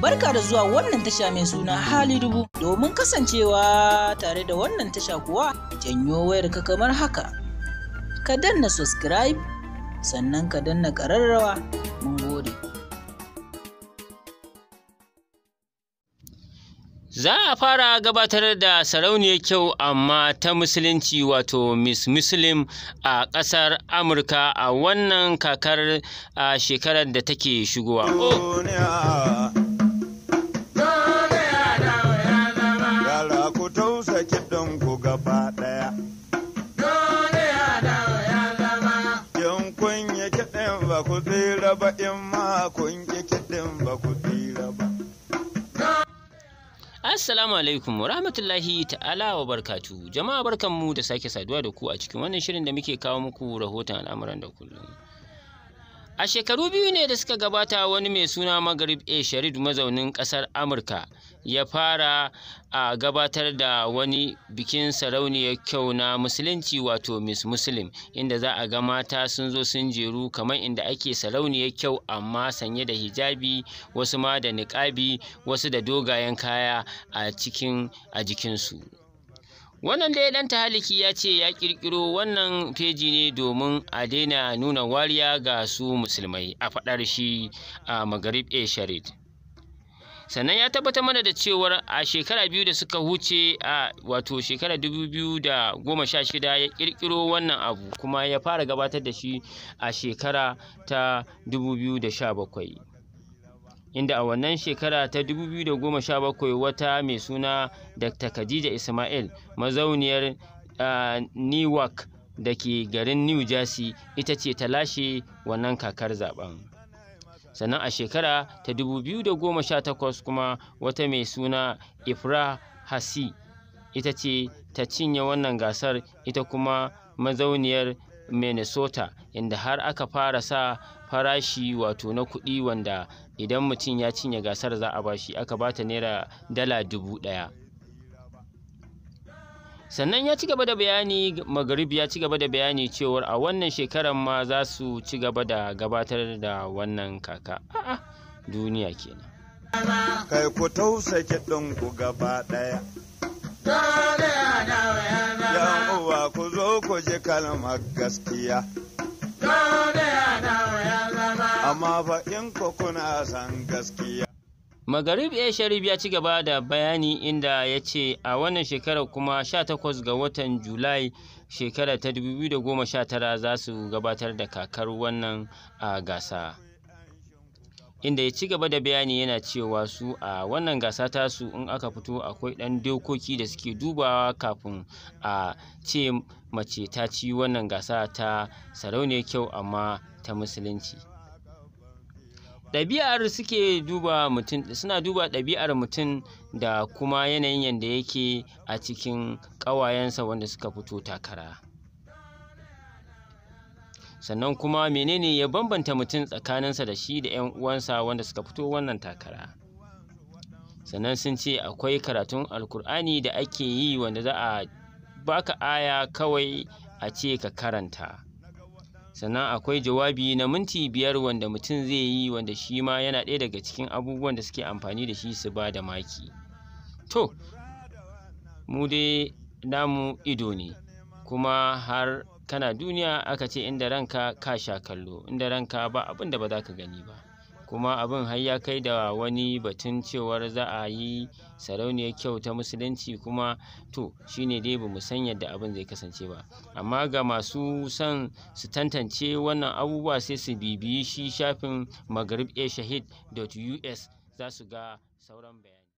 Barka da zuwa wannan tasha mai suna hali dubu domin kasancewa tare da wannan tasha kuwa janyo wayar ka kamar haka. Ka danna subscribe sannan ka danna ƙararrawa za a fara gabatar da sarauniyar kyau amma ta musulunci wato miss muslim a ƙasar amurka a wannan kakar a shekarar da take shigowa Ba ku makon Assalamu alaikum rahmatullahi ta'ala wa barkatu jama'a barkanmu da sake saduwa da ku a cikin wannan shirin da muke kawo muku rahoton al'amuran da kullum A shekaru biyu ne da suka gabata wani mai suna Magrib A. Sharid mazaunin ƙasar Amurka ya fara a gabatar da wani bikin sarauniyar kyau na musulunci wato Miss Muslim inda za a ga mata sun zo sun jeru kamar inda ake sarauniyar kyau amma sanye da hijabi wasu ma da niƙabi wasu da dogayen kaya a cikin a jikinsu. wannan dai dan tahaliki ya ce ya kirkiro wannan feji ne domin a daina nuna wariya ga su musulmai a faɗar shi a magarib e sharid sannan ya tabbatar mana da cewar a shekara biyu da suka huce a wato shekara dubu biyu da goma sha shida ya kirkiro wannan abu kuma ya fara gabatar da shi a shekara ta dubu biyu da sha bakwai inda a wannan shekara ta 2017 wata mai suna Dr. Khadija Ismail mazauniyar uh, Newark da ke garin New Jersey ita ce ta lashe wannan kakar zaben. Sannan a shekara ta 2018 kuma wata mai suna Ifra Hasi ita ce ta cinye wannan gasar ita kuma mazauniyar minnesota inda har aka fara sa farashi wato na kuɗi wanda idan mutum ya cinye gasar za a bashi aka bata naira dala dubu ɗaya sannan ya ci gaba da bayani magarib ya ci gaba da bayani cewar a wannan shekarar ma za su ci gaba da gabatar da wannan kaka a'a duniya kenan kai ku tausake ɗinku ku gaba ɗaya je kalmar gaskiya. Amma fa in ko kuna san gaskiya. Magarib A. Sharif ya ci gaba da bayani inda ya ce a wannan shekarar kuma 18 ga watan Julai shekarar ta 2019 za su gabatar da kakar wannan a gasa. inda ya ci gaba da bayani yana cewa su a wannan gasa tasu in aka fito akwai ɗan dokoki da suke dubawa kafin a ce mace ta ci wannan gasa ta sarauniyar kyau amma ta musulunci ɗabi'ar suke duba mutum suna duba ɗabi'ar mutum da kuma yanayin yadda yake a cikin ƙawayensa wanda suka fito takara sannan kuma menene ya bambanta mutum tsakaninsa da shi da 'yan uwansa wanda suka fito wannan takara sannan sun ce akwai karatun alkur'ani da ake yi wanda za a baka aya kawai a ce ka karanta sannan akwai jawabi na minti biyar wanda mutum zai yi wanda shi ma yana ɗaya daga cikin abubuwan da suke amfani da shi su ba da maki to mu dai namu ido ne kuma har kana duniya aka ce inda ranka ka sha kallo inda ranka ba abin da ba za ka gani ba kuma abin har ya kai da wani batun cewar za a yi sarauniyar kyau ta musulunci kuma to shine dai mu san yadda abin zai kasance ba amma ga masu son su tantance wannan abubuwa sai su bibiyi shi shafin a shahid.us za su ga sauran bayani